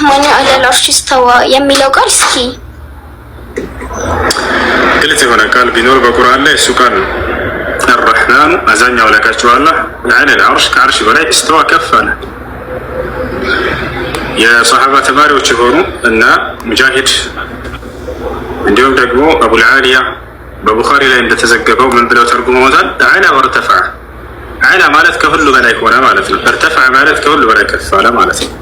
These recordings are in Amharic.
ራህማን አለ አልዓርሽ እስተዋ የሚለው ቃል እስኪ ግልጽ የሆነ ቃል ቢኖር በቁርአን ላይ እሱ ቃል ነው። አራህማኑ አዛኛው አምላካችሁ አላህ አለ አልዓርሽ ከአርሽ በላይ እስተዋ ከፍ አለ። የሰሐባ ተማሪዎች የሆኑ እና ሙጃሂድ እንዲሁም ደግሞ አቡልዓሊያ በቡኻሪ ላይ እንደተዘገበው ምን ብለው ተርጉመውታል? አላ ወርተፈዐ አላ ማለት ከሁሉ በላይ ሆነ ማለት ነው። እርተፈዐ ማለት ከሁሉ በላይ ከፍ አለ ማለት ነው።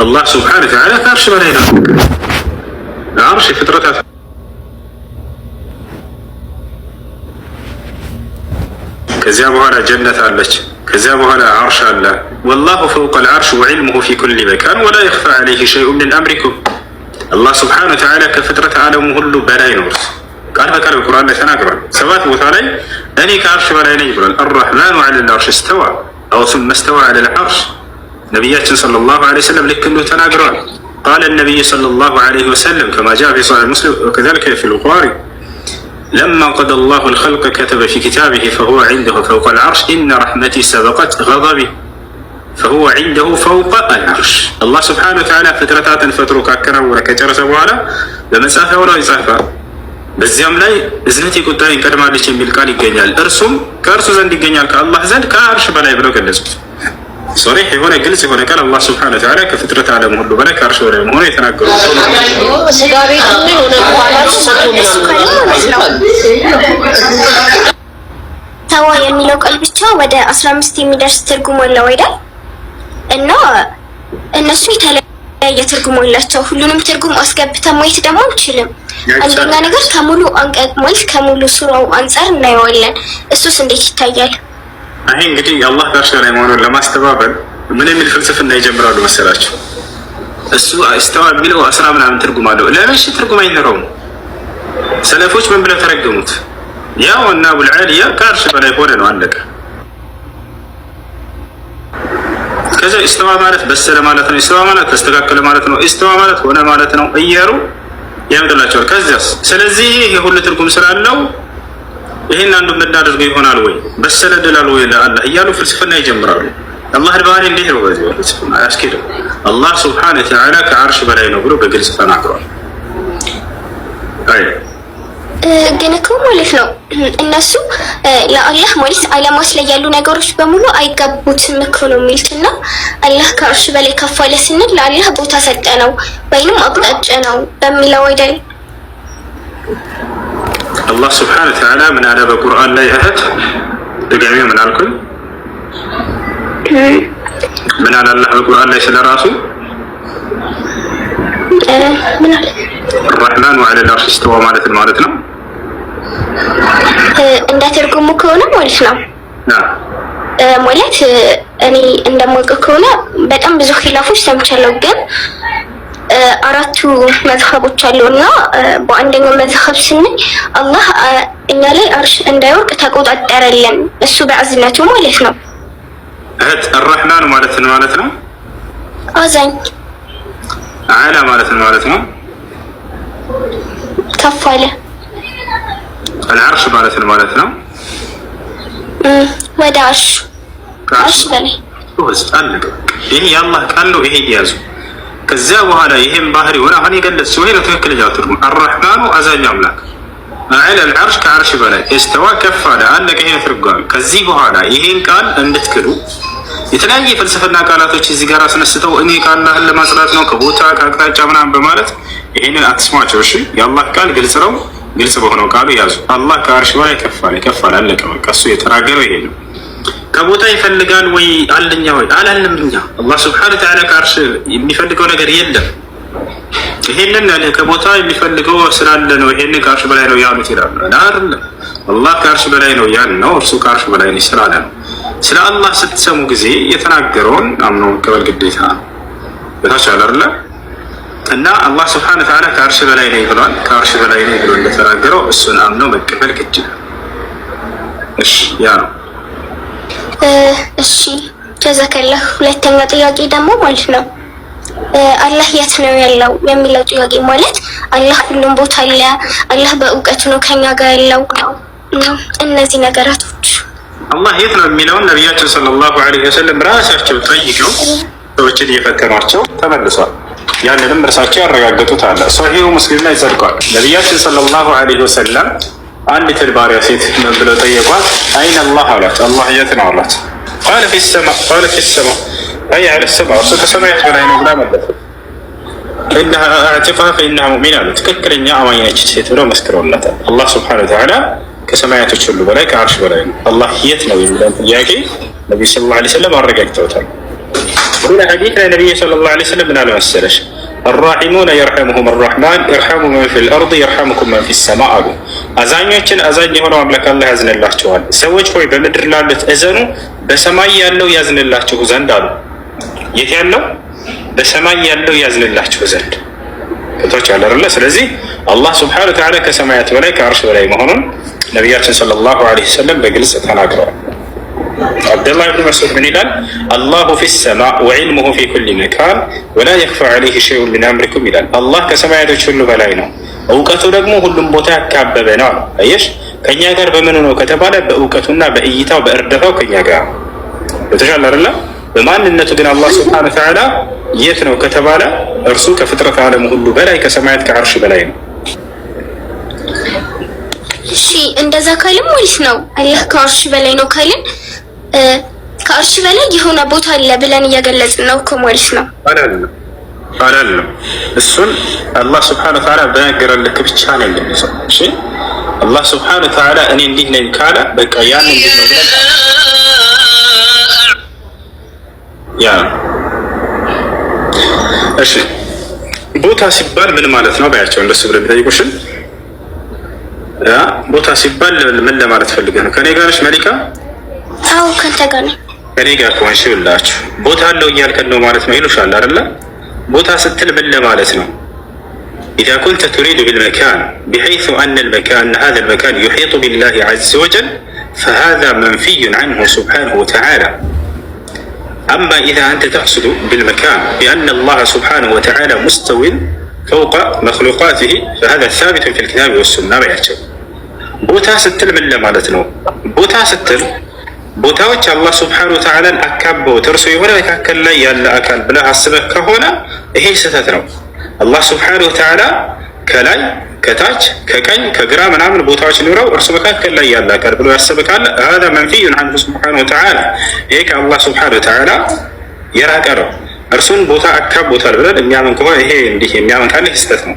الله سبحانه وتعالى عرش علينا عرش فترة كزي ابو هلا جنة علش كزي ابو عرش الله والله فوق العرش وعلمه في كل مكان ولا يخفى عليه شيء من أمركم الله سبحانه وتعالى كفترة عالمه كله بلاي نورس قال فكر القرآن لا تناقر سبات وثالي أني كعرش بلاي نجبر الرحمن على العرش استوى أو ثم استوى على العرش ነቢያችን ሰለላሁ ዐለይሂ ወሰለም ልክ እንዲሁ ተናግረዋል። ቃለ ነቢይ ሰለላሁ ዐለይሂ ወሰለም ከማ ጃء ፊ ሶሒሕ ሙስሊም ወከዛሊከ ፊ ልቡኻሪ ለማ ቀደ ላሁ ልኸልቀ ከተበ ፊ ኪታቢሂ ፈሁወ ዒንደሁ ፈውቀ ልዓርሽ ኢነ ረሕመቲ ሰበቀት ገضቢ ፈሁወ ዒንደሁ ፈውቀ አልዓርሽ። አላህ ስብሓነሁ ወተዓላ ፍጥረታትን ፈጥሮ ካከናወነ ከጨረሰ በኋላ በመጽሐፊያው ላይ ይጻፋል። በዚያም ላይ እዝነቴ ቁጣዬን ቀድማለች የሚል ቃል ይገኛል። እርሱም ከእርሱ ዘንድ ይገኛል ከአላህ ዘንድ ከአርሽ በላይ ብለው ገለጹት። ሶሪሕ የሆነ ግልጽ የሆነ ቃል አላህ ስብሐነ ወተዓላ ከፍጥረት ዓለም ሁሉ በላይ ከአርሽ በላይ መሆኑ የተናገሩ ተዋ የሚለው ቃል ብቻ ወደ አስራ አምስት የሚደርስ ትርጉም አለው አይደል? እና እነሱ የተለያየ ትርጉም አላቸው። ሁሉንም ትርጉም አስገብተን ማየት ደግሞ አንችልም። አንደኛ ነገር ከሙሉ አንቀጽ ማለት ከሙሉ ሱራው አንጻር እናየዋለን። እሱስ እንዴት ይታያል? ይሄ እንግዲህ የአላህ ጋርሽ ላይ መሆኑን ለማስተባበል ምን የሚል ፍልስፍና ይጀምራሉ መሰላቸው? እሱ ኢስተዋ የሚለው አስራ ምናምን ትርጉም አለው። ለምን ትርጉም አይኖረውም? ሰለፎች ምን ብለው ተረገሙት? ያው እና ቡልዓልያ ከአርሽ በላይ ሆነ ነው፣ አለቀ። ከዚ ኢስተዋ ማለት በሰለ ማለት ነው። ኢስተዋ ማለት ተስተካከለ ማለት ነው። ኢስተዋ ማለት ሆነ ማለት ነው። እየሩ ያምጥላቸዋል። ከዚያስ ስለዚህ ይሄ ሁሉ ትርጉም ስላለው ይህን አንዱ የምናደርገው ይሆናል ወይ በሰለ ድላል ወይ ለአላህ እያሉ ፍልስፍና ይጀምራሉ። አላህ ባህሪ እንዲህ ነው። በዚህ ፍልስፍና አያስኬድም። አላህ ስብሓነ ተዓላ ከአርሽ በላይ ነው ብሎ በግልጽ ተናግሯል። ግን እኮ ማለት ነው እነሱ ለአላህ ማለት አለማት ላይ ያሉ ነገሮች በሙሉ አይገቡትም እኮ ነው የሚሉትና አላህ ከአርሽ በላይ ከፍ አለ ስንል ለአላህ ቦታ ሰጠ ነው ወይንም አቅጣጫ ነው በሚለው አይደል አላህ ስብሓን ተዓላ ምን አለ በቁርአን ላይ እህት ድጋሚ ምን አልኩኝ ምን አለ አላህ በቁርአን ላይ ስለ ራሱ ረሕማኑ ዐለ ልዐርሽ እስተዋ ማለትን ማለት ነው እንደ ትርጉሙ ከሆነ ማለት ነው ማለት እኔ እንደማውቀው ከሆነ በጣም ብዙ ኪላፎች ሰምቻለሁ ግን አራቱ መዝሀቦች አሉ እና በአንደኛው መዝሀብ ስንል አላህ እኛ ላይ አርሽ እንዳይወርቅ ተቆጣጠረልን፣ እሱ በእዝነቱ ማለት ነው። እህት አራህማን ማለት ነው ማለት ነው። አዛኝ አላ ማለት ነው ማለት ነው። ከፍ አለ አልዓርሽ ማለት ነው ማለት ነው። ወደ አርሽ አርሽ በላይ ይሄ የአላህ ቃል ነው። ይሄ ያዙ ከዚያ በኋላ ይሄን ባህሪውን አሁን የገለጽ ሲሆን ነው ትክክለኛ ትርጉም አራሕማኑ አዛኝ አምላክ አለል ዓርሽ ከዓርሽ በላይ እስተዋ ከፍ አለ አለቀ። ይሄ ትርጓሜ። ከዚህ በኋላ ይሄን ቃል እንድትክዱ የተለያየ ፍልስፍና ቃላቶች እዚህ ጋር አስነስተው እኔ ከአላህን ለማጽናት ነው ከቦታ ከአቅጣጫ ምናምን በማለት ይሄንን አትስማቸው። እሺ የአላህ ቃል ግልጽ ነው። ግልጽ በሆነው ቃሉ ያዙ። አላህ ከዓርሽ በላይ ከፍ አለ ከፍ አለ አለቀ። በቃ እሱ የተናገረው ይሄ ነው። ከቦታ ይፈልጋል ወይ አለኛ ወይ አላለም። እኛ አላህ ስብሐነ ወተዓላ ከአርሽ የሚፈልገው ነገር የለም። ይሄንን ያለ ከቦታ የሚፈልገው ስላለ ነው። ይሄን ከአርሽ በላይ ነው ያሉት ይላሉ። አይደለም አላህ ከአርሽ በላይ ነው ያን ነው እርሱ ከአርሽ በላይ ነው ስላለ ነው። ስለ አላህ ስትሰሙ ጊዜ የተናገረውን አምኖ መቀበል ግዴታ ነው። በታች አለ እና አላህ ስብሐነ ወተዓላ ከአርሽ በላይ ነው ብሏል። ከአርሽ በላይ ነው ብሎ እንደተናገረው እሱን አምኖ መቀበል ግድ ነው። እሺ ያ ነው እሺ ጀዛከላ። ሁለተኛው ጥያቄ ደግሞ ማለት ነው አላህ የት ነው ያለው የሚለው ጥያቄ ማለት አላህ ሁሉም ቦታ አለ፣ አላህ በእውቀቱ ነው ከኛ ጋር ያለው እነዚህ ነገራቶች አላህ የት ነው የሚለውን ነቢያችን ሰለላሁ ዐለይሂ ወሰለም ራሳቸው ጠይቀው ሰዎችን እየፈተኗቸው ተመልሷል። ያንንም እርሳቸው ያረጋገጡት አለ። ሶሂሁ ሙስሊም ላይ ጸድቋል። ነቢያችን ሰለላሁ ዐለይሂ ወሰለም አንዲት ባሪያ ሴት ምን ብለው ጠየቋት? አይን አላህ አሏት። አላህ የት ነው አሏት። ቃለ ፊሰማ ቃለ ፊሰማ አይ አለ ሰማ እሱ ከሰማያት በላይ ነው ብላ መለሰ። ኢነሃ አዕቲቀሃ ፈኢነሃ ሙእሚና አሉ። ትክክለኛ አማኝ ነች ሴት ብለው መስክረውላታል። አላህ ስብሐነሁ ወተዓላ ከሰማያቶች ሁሉ በላይ ከአርሽ በላይ ነው። አላህ የት ነው የሚለውን ጥያቄ ነቢዩ ሰለላሁ ዐለይሂ ወሰለም አረጋግጠውታል። ሌላ ሐዲስ ላይ ነቢዩ ሰለላሁ ዐለይሂ ወሰለም ምን አለ መሰለሽ አራሒሙነ የርሐሙሁም አራሕማን ኢርሐሙ መን ፊል አርድ የርሐሙኩም መን ፊ ሰማ አሉ። አዛኞችን አዛኝ የሆነው አምላክ አላህ ያዝንላቸዋል። ሰዎች ሆይ በምድር ላሉት እዘኑ፣ በሰማይ ያለው ያዝንላችሁ ዘንድ አሉ። የት ያለው? በሰማይ ያለው ያዝንላችሁ ዘንድ ቶች አለ። ስለዚህ አላህ ስብሐነ ወተዓላ ከሰማያት በላይ ከአርሽ በላይ መሆኑን ነቢያችን ሰለላሁ ዐለይሂ ወሰለም በግልጽ ተናግረዋል። አብደላህ ብን መስዑድ ምን ይላል? አላሁ ፊ ሰማ ወዕልሙሁ ፊ ኩሊ መካን ወላ የክፋ ዐለይህ ሸይኡን ምን አምሪኩም ይላል። አላህ ከሰማያቶች ሁሉ በላይ ነው፣ እውቀቱ ደግሞ ሁሉም ቦታ ያካበበ ነው። አየሽ፣ ከእኛ ጋር በምን ነው ከተባለ በእውቀቱና በእይታው በእርዳታው ከእኛ ጋር በተሻለ አለ። በማንነቱ ግን አላህ ስብሐነ ወተዓላ የት ነው ከተባለ እርሱ ከፍጥረት ዓለም ሁሉ በላይ ከሰማያት ከዓርሽ በላይ ነው። እሺ እንደዛ ካልን ማለት ነው አላህ ከዓርሽ በላይ ነው ካልን ከአርሺ በላይ የሆነ ቦታ አለ ብለን እየገለጽን ነው እኮ ማለት ነው። አይደለም አይደለም። እሱን አላህ ስብሐነሁ ወተዓላ በነገረን ልክ ብቻ ነው የሚሰው። እሺ አላህ ስብሐነሁ ወተዓላ እኔ እንዲህ ነኝ ካለ በቃ ያን እንዲህ ነው ብለን ያ እሺ ቦታ ሲባል ምን ማለት ነው ባያቸው እንደሱ ብለ ቢጠይቁሽን ቦታ ሲባል ምን ለማለት ፈልገ ነው? ከኔ ጋር ነሽ መሊካ አዎ ከአንተ ጋር ነኝ። ከእኔ ጋር ከሆንሽ ይኸውላችሁ ቦታ አለው እያልከን ነው ማለት ነው ይሉሻል አይደለ? ቦታ ስትል ምን ለማለት ነው? ኢዛ ኩንተ ቱሪዱ ቢልመካን ቢሐይሱ አነ ልመካን ሀዛ ልመካን ዩሒጡ ቢላሂ ዐዘ ወጀል ፈሀዛ መንፊዩን ዐንሁ ሱብሓነሁ ወተዓላ አማ ኢዛ አንተ ተቅስዱ ቢልመካን ቢአነ አላህ ሱብሓነሁ ወተዓላ ሙስተዊን ፈውቀ መክሉቃትህ ፈሀዛ ሳቢቱን ፊልኪታቢ ወሱና በያቸው። ቦታ ስትል ምን ለማለት ነው? ቦታ ስትል ቦታዎች አላህ ስብሓነ ወተዓላን አካበውት እርሱ የሆነ መካከል ላይ ያለ አካል ብለህ አስበህ ከሆነ ይሄ ስህተት ነው። አላህ ስብሓነ ወተዓላ ከላይ ከታች ከቀኝ ከግራ ምናምን ቦታዎች ኖረው እርሱ መካከል ላይ ያለ አካል ብሎ ያስበህ ካለ ሀዛ መንፊዩን አንሁ ስብሓነ ወተዓላ ይሄ ከአላህ ስብሓነ ወተዓላ የራቀ ነው። እርሱን ቦታ አካቦታል ብለን የሚያምን ከሆነ ይሄ እንዲህ የሚያምን ካለ ስህተት ነው።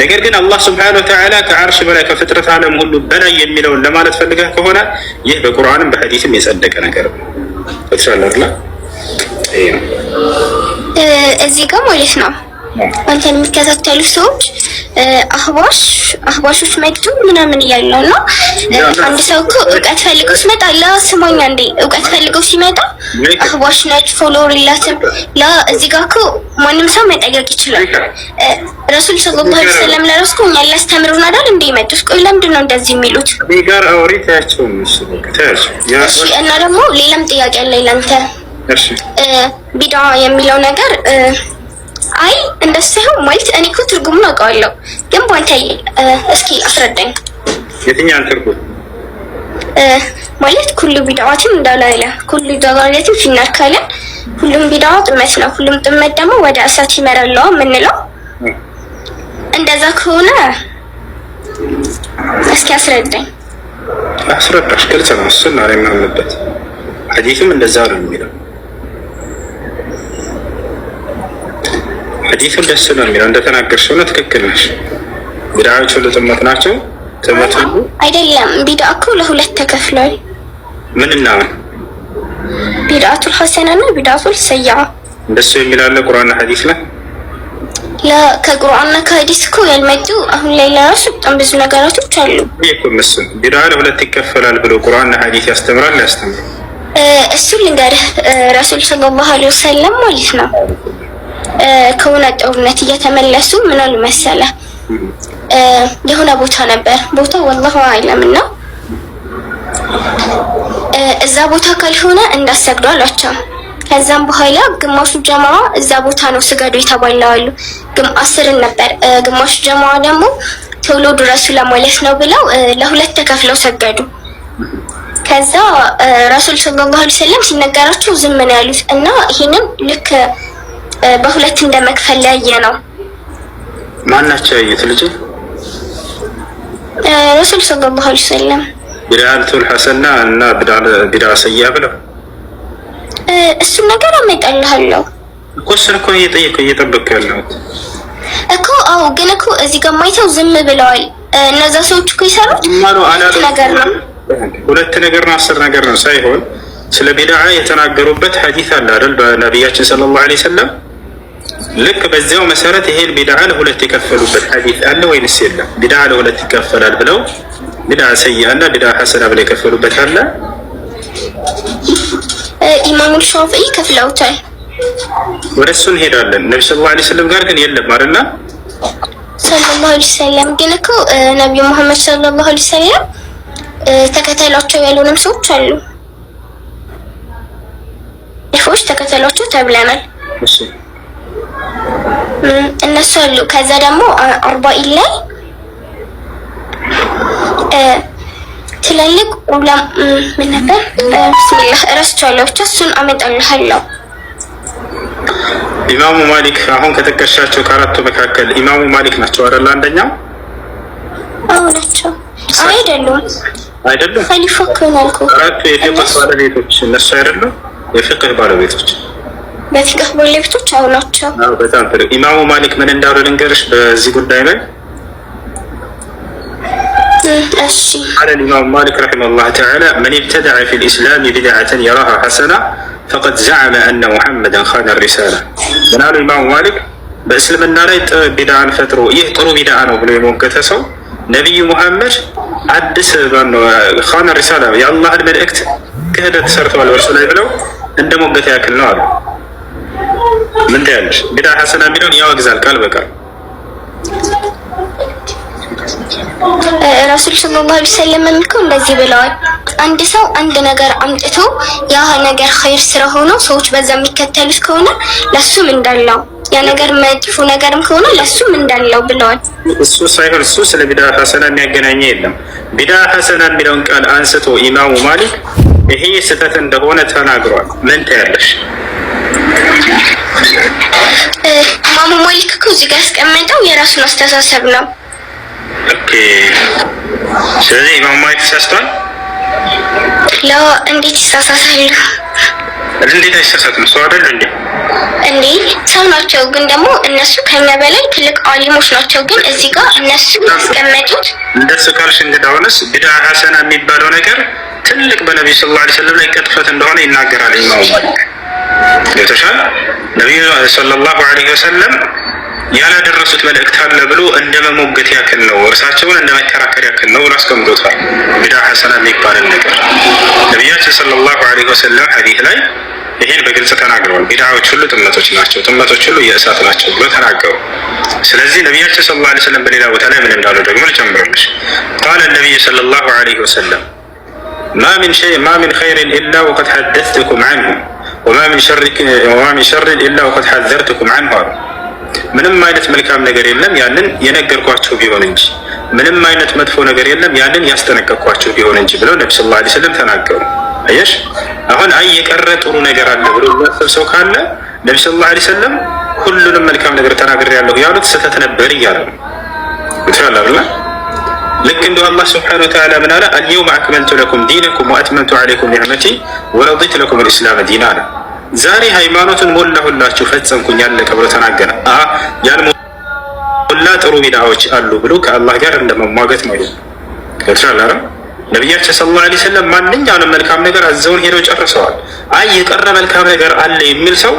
ነገር ግን አላህ ስብሐነሁ ወተዓላ ከአርሽ በላይ ከፍጥረት ዓለም ሁሉ በላይ የሚለውን ለማለት ፈልገህ ከሆነ ይህ በቁርአንም በሐዲስም የጸደቀ ነገር ነው። እዚህ ጋር ማለት ነው አንተን የሚከታተሉ ሰዎች አህባሽ አህባሾች መጡ ምናምን እያሉ ነው እና አንድ ሰው እኮ እውቀት ፈልገው ሲመጣ ላ ስማኝ አንዴ እውቀት ፈልገው ሲመጣ አህባሽ ነች ፎሎወር የላትም ላ እዚህ ጋር እኮ ማንም ሰው መጠየቅ ይችላል። ረሱል ሰለላሁ ዐለይሂ ወሰለም ለራስኩ ሊያስተምሩን አይደል እንዴ የመጡት? ቆይ ለምንድን ነው እንደዚህ የሚሉት? ቢጋር አውሪ ታያቸው እና ደግሞ ሌላም ጥያቄ አለኝ ለአንተ ቢድዓ የሚለው ነገር አይ እንደሱ ሳይሆን ማለት እኔ እኮ ትርጉሙን አውቀዋለሁ፣ ግን በአንተ እስኪ አስረዳኝ። የትኛን ትርጉም ማለት ኩሉ ቢድዓትን እንዳለ አለ ኩሉ ዳላለትን ፊናር ካለ ሁሉም ቢድዓ ጥመት ነው፣ ሁሉም ጥመት ደግሞ ወደ እሳት ይመራል የምንለው እንደዛ ከሆነ እስኪ አስረዳኝ። አስረዳሽ፣ ግልጽ ነው። እሱን ነው የሚሆንበት። ሐዲሱም እንደዛ ነው የሚለው። ሐዲሱ ደስ ነው የሚለው። እንደተናገርሽው ነው፣ ትክክል ነሽ። ቢድዓዎች ሁሉ ጥመት ናቸው። ጥመት ሁሉ አይደለም። ቢድዓ እኮ ለሁለት ተከፍሏል። ምንና ምን? ቢድዓቱል ሐሰና እና ቢድዓቱል ሰይዓ። እንደሱ የሚላለ ቁርአንና ሐዲስ ላይ ከቁርአንና ከሀዲስ እኮ ያልመጡ አሁን ላይ ለራሱ በጣም ብዙ ነገራቶች አሉ እኮ እነሱን ቢድዓ ለሁለት ይከፈላል ብሎ ቁርአንና ሀዲስ ያስተምራል ያስተምራል እሱ ልንገርህ ረሱል ሰለላሁ ዐለይሂ ወሰለም ማለት ነው ከሆነ ጦርነት እየተመለሱ ምን አሉ መሰለህ የሆነ ቦታ ነበር ቦታው ወላሁ አዕለም ነው። እዛ ቦታ ካልሆነ እንዳሰግዱ አሏቸው ከዛም በኋላ ግማሹ ጀማዋ እዛ ቦታ ነው ስገዱ የተባለዋሉ። ግን አስርን ነበር። ግማሹ ጀማዋ ደግሞ ቶሎ ድረሱ ለማለት ነው ብለው ለሁለት ተከፍለው ሰገዱ። ከዛ ረሱል ሰለላሁ ዐለይሂ ወሰለም ሲነገራቸው ዝም ነው ያሉት እና ይሄንን ልክ በሁለት እንደመክፈል ያየ ነው። ማናቸው ያዩት ልጅ ረሱል ሰለላሁ ዐለይሂ ወሰለም ቢድዓቱል ሐሰና እና ቢድዓ ሰያ ብለው እሱን ነገር አመጣልሃለሁ እኮ። እሱን እኮ እየጠየቀው እየጠበቀው ያለሁት እኮ። አዎ፣ ግን እኮ እዚህ ጋር ማይተው ዝም ብለዋል። እነዛ ሰዎች እኮ ይሰሩት ሁለት ነገር ነው ሁለት ነገር ነው አስር ነገር ነው ሳይሆን ስለ ቢድዓ የተናገሩበት ሐዲስ አለ አይደል? በነቢያችን ሰለላሁ ዐለይሂ ወሰለም ልክ በዚያው መሰረት ይሄን ቢድዓ ለሁለት የከፈሉበት ሐዲስ አለ ወይንስ የለም? ቢድዓ ለሁለት ይከፈላል ብለው ቢድዓ ሰይአ እና ቢድዓ ሐሰና ብለው የከፈሉበት አለ? ኢማሙል ሻፊዒ ከፍለውታል። ወደ እሱ እንሄዳለን። ነቢ ስለ ላ ስለም ጋር ግን የለም አይደለ? ሰለላሁ ዐለይሂ ወሰለም ግን እኮ ነቢዩ መሐመድ ሰለላሁ ዐለይሂ ወሰለም ተከተሏቸው ያሉንም ሰዎች አሉ። ፎች ተከተሏቸው ተብለናል። እነሱ አሉ። ከዛ ደግሞ አርባኢን ላይ ትላልቅ ኡላማ ምን ነበር? ብስሚላህ እረስቻለሁ። ብቻ እሱን አመጣልሃለሁ። ኢማሙ ማሊክ አሁን ከጠቀሻቸው ከአራቱ መካከል ኢማሙ ማሊክ ናቸው አይደል? አንደኛው አዎ ናቸው። አይደሉም አይደሉም። ከሊፎ ከሆናልኩ አራቱ የፊቅህ ባለቤቶች እነሱ አይደሉም? የፍቅህ ባለቤቶች በፍቅህ ባለቤቶች አሁ ናቸው። በጣም ጥሩ። ኢማሙ ማሊክ ምን እንዳሉ ልንገርሽ በዚህ ጉዳይ ላይ قال الإمام مالك رحمه الله تعالى من ابتدع في الإسلام بدعة يراها حسنة فقد زعم أن محمدا خان الرسالة من قال الإمام مالك بس لما نريد بدعة فترو إيه طرو بدعة نبلي ممكن نبي محمد عدس خان الرسالة يا الله الملكت كهدا تسرتوا الورسول يبلو عند ممكن يأكل النار من تعلمش بدعة حسنة يا يوغزال قال ረሱል ሰለላሁ ዐለይሂ ወሰለም እኮ እንደዚህ ብለዋል። አንድ ሰው አንድ ነገር አምጥቶ ያ ነገር ኸይር ስለሆነው ሰዎች በዛ የሚከተሉት ከሆነ ለሱም እንዳለው፣ ያ ነገር መጥፎ ነገርም ከሆነ ለሱም እንዳለው ብለዋል። እሱ ሳይሆን እሱ ስለ ቢዳ ሐሰና የሚያገናኘ የለም። ቢዳ ሐሰና የሚለውን ቃል አንስቶ ኢማሙ ማሊክ ይሄ ስህተት እንደሆነ ተናግሯል። ምን ታያለሽ? ኢማሙ ማሊክ እኮ እዚህ ጋር ያስቀመጠው የራሱን አስተሳሰብ ነው። ስለዚህ ኢማሙ ማሊክ ተሳስቷል። እንዴት ይሳሳታሉ? እንዴት አይሳሳትም? ሰው አይደሉ እንዴ? እንዴ ሰው ናቸው፣ ግን ደግሞ እነሱ ከኛ በላይ ትልቅ አሊሞች ናቸው። ግን እዚህ ጋር እነሱ ያስቀመጡት እንደሱ ካልሽ እንግዳ ሆነስ ቢዳ ሀሰና የሚባለው ነገር ትልቅ በነቢዩ ስለ ላ ስለም ላይ ቅጥፈት እንደሆነ ይናገራል ኢማሙ ማሊክ ገብተሻል። ነቢዩ ስለ ላሁ ዐለይሂ ወሰለም ያላደረሱት መልእክት አለ ብሎ እንደ መሞገት ያክል ነው፣ እርሳቸውን እንደ መከራከር ያክል ነው ብሎ አስቀምጦታል። ቢድዓ ሐሰና የሚባልን ነገር ነቢያችን ሰለላሁ ዐለይሂ ወሰለም ሐዲስ ላይ ይህን በግልጽ ተናግረዋል። ቢድዓዎች ሁሉ ጥመቶች ናቸው፣ ጥመቶች ሁሉ የእሳት ናቸው ብሎ ተናገሩ። ስለዚህ ነቢያችን ሰለላሁ ዐለይሂ ወሰለም በሌላ ቦታ ላይ ምን እንዳሉ ደግሞ ልጨምርልሽ። ቃለ ነቢዩ ሰለላሁ ዐለይሂ ወሰለም ማ ምን ሸይ ማ ምን ኸይሪን ኢላ ወቀድ ሐደትኩም ዐንሁ ወማ ምን ሸሪን ኢላ ወቀድ ሐዘርትኩም ዐንሁ አሉ ምንም አይነት መልካም ነገር የለም፣ ያንን የነገርኳቸው ቢሆን እንጂ ምንም አይነት መጥፎ ነገር የለም፣ ያንን ያስጠነቀቅኳቸው ቢሆን እንጂ ብለው ነቢ ስ ላ ስለም ተናገሩ። አየሽ አሁን አይ የቀረ ጥሩ ነገር አለ ብሎ የሚያስብ ሰው ካለ ነቢ ስ ላ ስለም ሁሉንም መልካም ነገር ተናግሬ ያለሁ ያሉት ስህተት ነበር እያለ ነው። ብላ ልክ እንዲሁ አላህ ስብሓነሁ ወተዓላ ምን አለ? አልየውም አክመልቱ ለኩም ዲነኩም ወአትመምቱ ዓለይኩም ኒዕመቲ ወረዲቱ ለኩም ልእስላም ዲና ነው ዛሬ ሃይማኖትን ሞላሁላችሁ ፈጸምኩኝ ያለቀ ብሎ ተናገረ። ያልሞላ ጥሩ ቢድዓዎች አሉ ብሎ ከአላህ ጋር እንደመሟገት ነው። ገብተናል አረ ነቢያችን ሰለላሁ ዐለይሂ ወሰለም ማንኛውንም መልካም ነገር አዘውን ሄደው ጨርሰዋል። አይ የቀረ መልካም ነገር አለ የሚል ሰው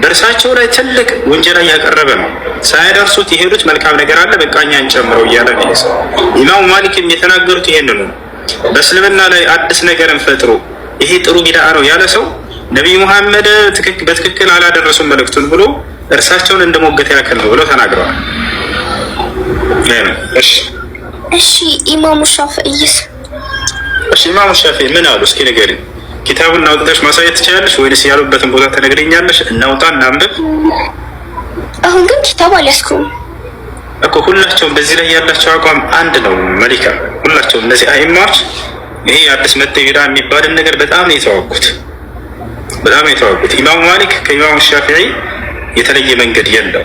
በእርሳቸው ላይ ትልቅ ወንጀላ እያቀረበ ነው። ሳያደርሱት የሄዱት መልካም ነገር አለ በቃ እኛን ጨምረው እያለ ሰው። ኢማሙ ማሊክም የተናገሩት ይሄንኑ በእስልምና ላይ አዲስ ነገርን ፈጥሮ ይሄ ጥሩ ቢድዓ ነው ያለ ሰው ነቢይ ሙሐመድ በትክክል አላደረሱም መልእክቱን ብሎ እርሳቸውን እንደ ሞገት ያክል ነው ብሎ ተናግረዋል። እሺ ኢማሙ ሻፊዒስ እሺ ኢማሙ ሻፊዒ ምን አሉ? እስኪ ንገሪኝ። ኪታቡን አውጥተሽ ማሳየት ትችላለሽ ወይንስ ያሉበትን ቦታ ትነግሪኛለሽ? እናውጣ እናንብብ። አሁን ግን ኪታብ አልያዝኩም እኮ። ሁላቸውም በዚህ ላይ ያላቸው አቋም አንድ ነው። መሊካ ሁላቸውም እነዚህ አይማዎች ይሄ አዲስ መጤ ቢዳ የሚባልን ነገር በጣም ነው የተዋጉት። በጣም የተዋጉት። ኢማሙ ማሊክ ከኢማሙ ሻፊዒ የተለየ መንገድ የለው።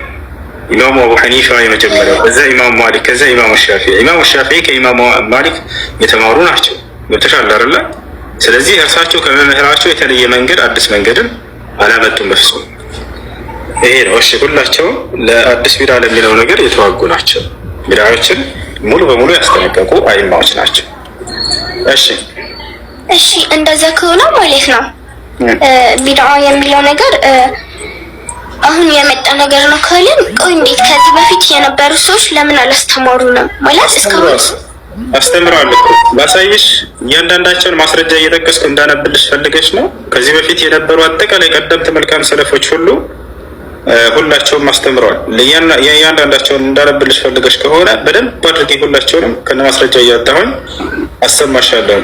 ኢማሙ አቡ ሐኒፋ የመጀመሪያው፣ ከዛ ኢማሙ ማሊክ፣ ከዛ ኢማሙ ሻፊዒ። ኢማሙ ሻፊዒ ከኢማሙ ማሊክ የተማሩ ናቸው። ገብተሻል አይደለ? ስለዚህ እርሳቸው ከመምህራቸው የተለየ መንገድ አዲስ መንገድን አላመጡም በፍጹም። ይሄ ነው እሺ። ሁላቸውም ለአዲስ ቢዳ ለሚለው ነገር የተዋጉ ናቸው። ቢዳዎችን ሙሉ በሙሉ ያስጠነቀቁ አይማዎች ናቸው። እሺ፣ እሺ እንደዛ ከሆነ ማለት ነው ቢድዓ የሚለው ነገር አሁን የመጣ ነገር ነው ካልን፣ ቆይ እንዴት ከዚህ በፊት የነበሩ ሰዎች ለምን አላስተማሩንም? ማለት እስካሁን አስተምራለሁ ባሳይሽ እያንዳንዳቸውን ማስረጃ እየጠቀስኩ እንዳነብልሽ ፈልገች ነው። ከዚህ በፊት የነበሩ አጠቃላይ ቀደምት መልካም ሰለፎች ሁሉ ሁላቸውም አስተምረዋል። እያንዳንዳቸውን እንዳነብልሽ ፈልገች ከሆነ በደንብ አድርጌ ሁላቸውንም ከነ ማስረጃ እያጣሁኝ አሰማሻለሁ።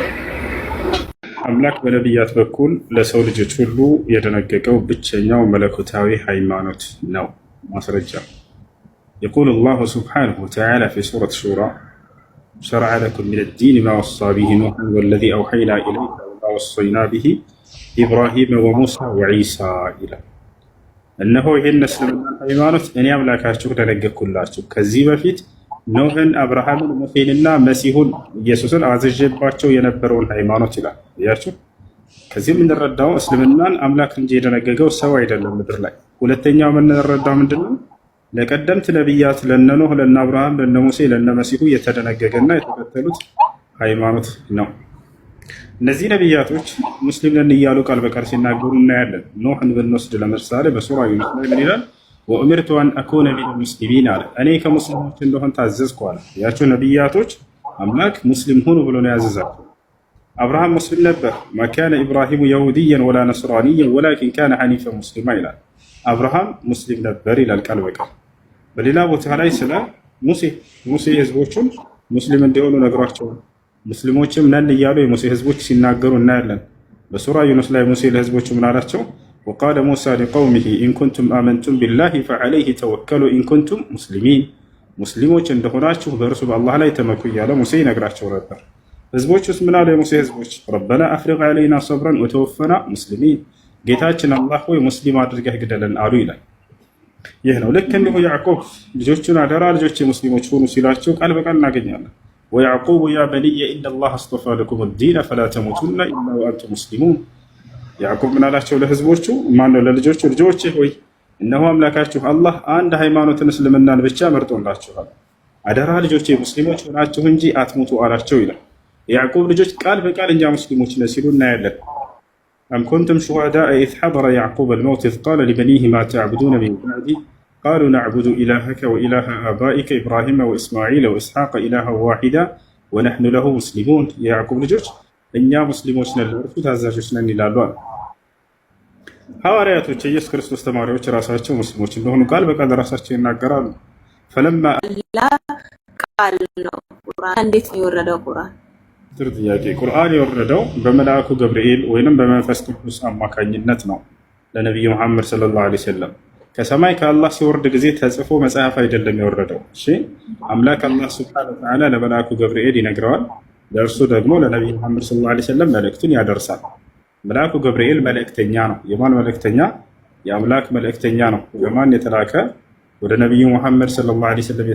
አምላክ በነቢያት በኩል ለሰው ልጆች ሁሉ የደነገገው ብቸኛው መለኮታዊ ሃይማኖት ነው። ማስረጃ يقول الله سبحانه وتعالى في سورة شورى شرع لكم من الدين ما وصى به نوح والذي أوحينا إليك وما وصينا به إبراهيم وموسى وعيسى إلى أنه إن اسلمنا ሃይማኖት እኔ አምላካችሁ ደነገግኩላችሁ ከዚህ በፊት ኖህን፣ አብርሃምን፣ ሙሴንና መሲሁን ኢየሱስን አዘዤባቸው የነበረውን ሃይማኖት ይላል። እያችሁ ከዚህ የምንረዳው እስልምናን አምላክ እንጂ የደነገገው ሰው አይደለም ምድር ላይ። ሁለተኛው የምንረዳው ምንድን ነው? ለቀደምት ነቢያት ለነ ኖህ፣ ለነ አብርሃም፣ ለነ ሙሴ፣ ለነ መሲሁ የተደነገገና የተከተሉት ሃይማኖት ነው። እነዚህ ነቢያቶች ሙስሊም ነን እያሉ ቃል በቃል ሲናገሩ እናያለን። ኖህን ብንወስድ ለምሳሌ በሱራ ዩኒስ ላይ ምን ይላል? ወእምርቱ አን አኩነ ሚን ሙስሊሚን አለ። እኔ ከሙስሊሞች እንደሆን ታዘዝኩ አለ። ያቸው ነቢያቶች አምላክ ሙስሊም ሁኑ ብሎ ነው ያዘዛቸው። አብርሃም ሙስሊም ነበር። ማካነ ኢብራሂሙ የሁድየን ወላ ነስራንየን ወላኪን ካነ ሐኒፈ ሙስሊማ ይላል። አብርሃም ሙስሊም ነበር ይላል ቃል በቃል። በሌላ ቦታ ላይ ስለ ሙሴ ሙሴ ህዝቦቹን ሙስሊም እንደሆኑ ነግሯቸዋል። ሙስሊሞችም ነን እያሉ የሙሴ ህዝቦች ሲናገሩ እናያለን። በሱራ ዩኑስ ላይ ሙሴ ለህዝቦቹ ምን አላቸው? ወቃለ ሙሳ ሊቀውሚሂ ኢንኩንቱም አመንቱም ቢላሂ ፈዐለይሂ ተወከሉ ኢንኩንቱም ሙስሊሚን ሙስሊሞች እንደሆናችሁ በእርሱ በአላህ ላይ ተመኩ እያለ ሙሴ ይነግራቸው ነበር። ህዝቦች ውስጥ ምን አለ የሙሴ ህዝቦች? ረበና አፍሪቅ ዐለይና ሰብረን ወተወፈና ሙስሊሚን፣ ጌታችን አላህ ወይ ሙስሊም አድርገህ ግደለን አሉ ይላል። ይህ ነው ልክ እንዲሁ ያዕቆብ ልጆቹን አደራ ልጆች ሙስሊሞች ሆኑ ሲላቸው ቃል በቃል እናገኛለን። ወያዕቁቡ ያ በንየ ኢነ ላህ አስጠፋ ለኩም ዲነ ፈላ ተሙቱና ኢላ ወአንቱም ሙስሊሙን ያዕቁብ ምናላቸው ለህዝቦቹ ማነው ለልጆቹ ልጆቼ ሆይ እነሆ አምላካችሁ አላህ አንድ ሃይማኖትን እስልምናን ብቻ መርጦላችኋል አደራ ልጆቼ ሙስሊሞች ሆናችሁ እንጂ አትሙቱ አላቸው ይላል ያዕቁብ ልጆች ቃል በቃል እኛ ሙስሊሞች ነን ሲሉ እናያለን አም ኩንቱም ሹሃዳ ኢዝ ሐደረ ያዕቁብ አልመውት ኢዝ ቃለ ሊበኒህ ማ ተዕቡዱነ ሚን ባዕዲ ቃሉ ነዕቡዱ ኢላሀከ ወኢላሀ አባኢከ ኢብራሂመ ወእስማዒለ ወእስሓቀ ኢላሃ ዋሒዳ ወነሕኑ ለሁ ሙስሊሙን የያዕቁብ ልጆች እኛ ሙስሊሞች ነን ለእርሱ ታዛዦች ነን ይላሉ አለ። ሐዋርያቶች የኢየሱስ ክርስቶስ ተማሪዎች ራሳቸው ሙስሊሞች እንደሆኑ ቃል በቃል ራሳቸው ይናገራሉ። ፈለማ ቃል ነው። ቁርአን እንዴት ነው የወረደው? ቁርአን ጥሩ ጥያቄ። ቁርአን የወረደው በመልአኩ ገብርኤል ወይንም በመንፈስ ቅዱስ አማካኝነት ነው ለነቢዩ መሐመድ ሰለላሁ ዐለይሂ ወሰለም ከሰማይ ከአላህ ሲወርድ ጊዜ ተጽፎ መጽሐፍ አይደለም የወረደው። እሺ አምላክ አላህ ሱብሓነሁ ወተዓላ ለመልአኩ ገብርኤል ይነግረዋል ለእርሱ ደግሞ ለነቢይ መሐመድ ሰለላሁ ዓለይሂ ወሰለም መልእክቱን ያደርሳል። መልአኩ ገብርኤል መልእክተኛ ነው። የማን መልእክተኛ? የአምላክ መልእክተኛ ነው። በማን የተላከ? ወደ ነቢዩ መሐመድ ሰለላሁ ዓለይሂ ወሰለም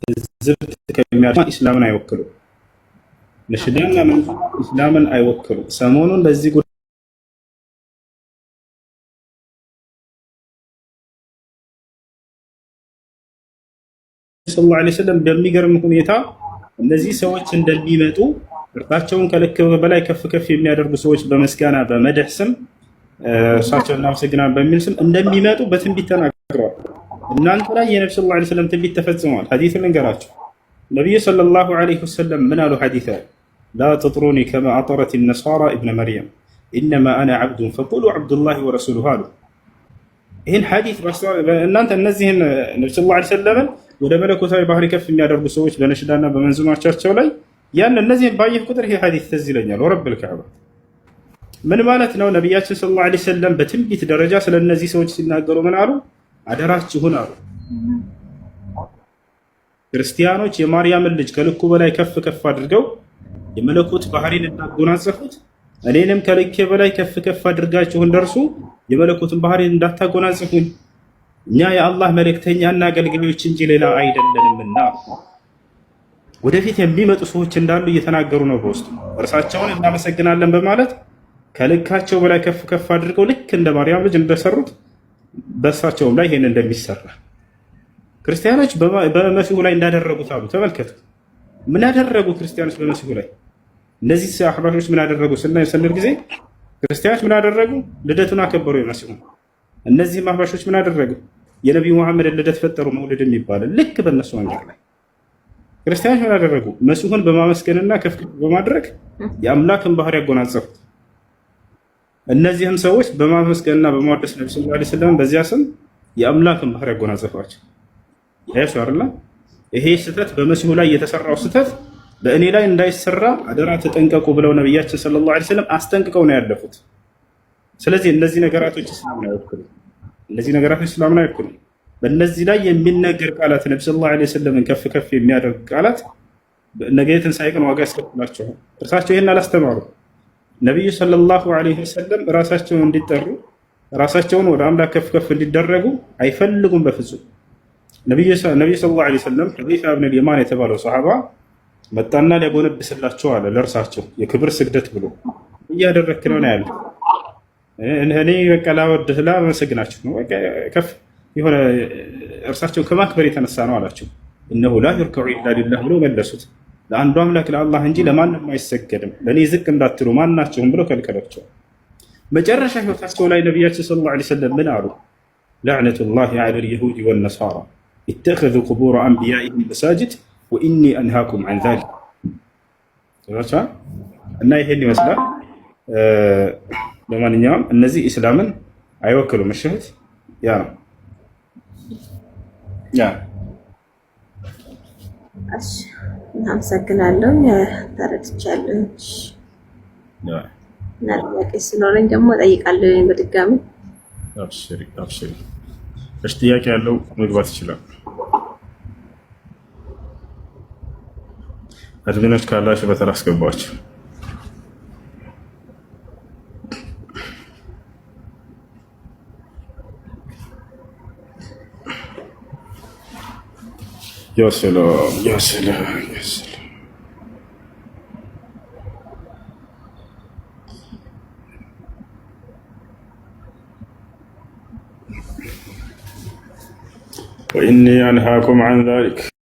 ትዝብት ከሚያ ኢስላምን ምን ኢስላምን አይወክሉ ሰሞኑን በዚህ ሰለላሁ ዐለይሂ ወሰለም በሚገርም ሁኔታ እነዚህ ሰዎች እንደሚመጡ እርታቸውን ከልክ በላይ ከፍ ከፍ የሚያደርጉ ሰዎች በመስጋና በመድህ ስም እርሳቸውን እናመሰግናለን በሚል ስም እንደሚመጡ በትንቢት ተናግረዋል። እናንተ ላይ የነብዩ ሰለላሁ ዐለይሂ ወሰለም ትንቢት ተፈጽሟል። ሐዲሱን ልንገራችሁ። ነቢዩ ሰለላሁ ዐለይሂ ወሰለም ምን አሉ? ሐዲስ ላ ተጥሩኒ ከማ አጠረት ነሳራ ኢብነ መርየም ኢነማ አነ ዐብዱን ፈቁሉ ዐብዱላሂ ወረሱሉሁ አሉ። ይህን ሐዲስ እናንተ እነዚህን ነብዩ ሰለላሁ ዐለይሂ ወሰለምን ወደ መለኮታዊ ባህሪ ከፍ የሚያደርጉ ሰዎች ለነሽዳና በመንዝማቻቸው ላይ ያን እነዚህን ባየህ ቁጥር ይህ ሀዲስ ትዝ ይለኛል። ወረብ ከዕባ ምን ማለት ነው? ነቢያችን ሰለላሁ ዐለይሂ ወሰለም በትንቢት ደረጃ ስለ እነዚህ ሰዎች ሲናገሩ ምን አሉ? አደራችሁን አሉ ክርስቲያኖች የማርያምን ልጅ ከልኩ በላይ ከፍ ከፍ አድርገው የመለኮት ባህሪን እንዳጎናጸፉት እኔንም ከልኬ በላይ ከፍ ከፍ አድርጋችሁን ደርሱ የመለኮትን ባህሪን እንዳታጎናጽፉኝ እኛ የአላህ መልእክተኛና አገልጋዮች እንጂ ሌላ አይደለንምና ወደፊት የሚመጡ ሰዎች እንዳሉ እየተናገሩ ነው። በውስጡ እርሳቸውን እናመሰግናለን በማለት ከልካቸው በላይ ከፍ ከፍ አድርገው ልክ እንደ ማርያም ልጅ እንደሰሩት በእርሳቸውም ላይ ይሄን እንደሚሰራ ክርስቲያኖች በመሲሁ ላይ እንዳደረጉት አሉ። ተመልከቱ፣ ምን ያደረጉ ክርስቲያኖች በመሲሁ ላይ እነዚህ አህባሾች ምን ያደረጉ ስንል ጊዜ ክርስቲያኖች ምን ያደረጉ? ልደቱን አከበሩ የመሲሁ። እነዚህም አህባሾች ምን ያደረጉ? የነቢዩ መሐመድን ልደት ፈጠሩ መውልድ የሚባለ ልክ በእነሱ መንገድ ላይ ክርስቲያኖች ምን አደረጉ? መሲሁን በማመስገንና ከፍ በማድረግ የአምላክን ባህር ያጎናጸፉት። እነዚህም ሰዎች በማመስገንና በማወደስ ነቢ ስ ላ ስለም በዚያ ስም የአምላክን ባህር ያጎናጸፏቸው ያሱ አለ። ይሄ ስህተት በመሲሁ ላይ የተሰራው ስህተት በእኔ ላይ እንዳይሰራ አደራ ተጠንቀቁ ብለው ነቢያችን ስለ ላ ስለም አስጠንቅቀው ነው ያለፉት። ስለዚህ እነዚህ ነገራቶች ስላምን አይወክሉም። እነዚህ ላይ እስላምን ነው። በእነዚህ ላይ የሚነገር ቃላት ነቢ ስ ላ ወሰለምን ከፍ ከፍ የሚያደርግ ቃላት ነገ የትንሣኤ ቀን ዋጋ ያስከፍላቸዋል። እርሳቸው ይህን አላስተማሩ። ነቢዩ ሰለላሁ ዐለይሂ ወሰለም ራሳቸውን እንዲጠሩ ራሳቸውን ወደ አምላክ ከፍ ከፍ እንዲደረጉ አይፈልጉም በፍጹም። ነቢዩ ሰለላሁ ዐለይሂ ወሰለም ሁዘይፋ ብን የማን የተባለው ሰሓባ መጣና ሊያጎነብስላቸው አለ። ለእርሳቸው የክብር ስግደት ብሎ እያደረክ ነው ያለ እኔ በቃ ላወድ ስላመሰግናችሁ ነው። ከፍ የሆነ እርሳቸውን ከማክበር የተነሳ ነው አላቸው። እነሁ ላ ይርከዑ ኢላ ሊላህ ብለው መለሱት። ለአንዱ አምላክ ለአላህ እንጂ ለማንም አይሰገድም፣ ለእኔ ዝቅ እንዳትሉ ማናቸውም ብለው ከልከለቸው። መጨረሻ ህይወታቸው ላይ ነቢያችን ሰለላሁ ዐለይሂ ወሰለም ምን አሉ? ለዕነቱላሂ ዐለ ልየሁድ ወነሳራ ኢተኸዙ ቁቡር አንቢያኢሂም መሳጅድ ወኢኒ አንሃኩም ዐን ዛሊክ እና ይሄን ይመስላል። ለማንኛውም እነዚህ ኢስላምን አይወክሉም። እሽት ያ ነው ያ። አመሰግናለሁ። ተረድቻለሁ። እና ጥያቄ ስኖረኝ ደግሞ እጠይቃለሁ በድጋሚ። አብሽሪ አብሽሪ። እሺ ጥያቄ ያለው መግባት ይችላል። እድሜነት ካላችሁ በተራ አስገባችሁ። يا سلام يا سلام يا سلام وإني أنهاكم عن ذلك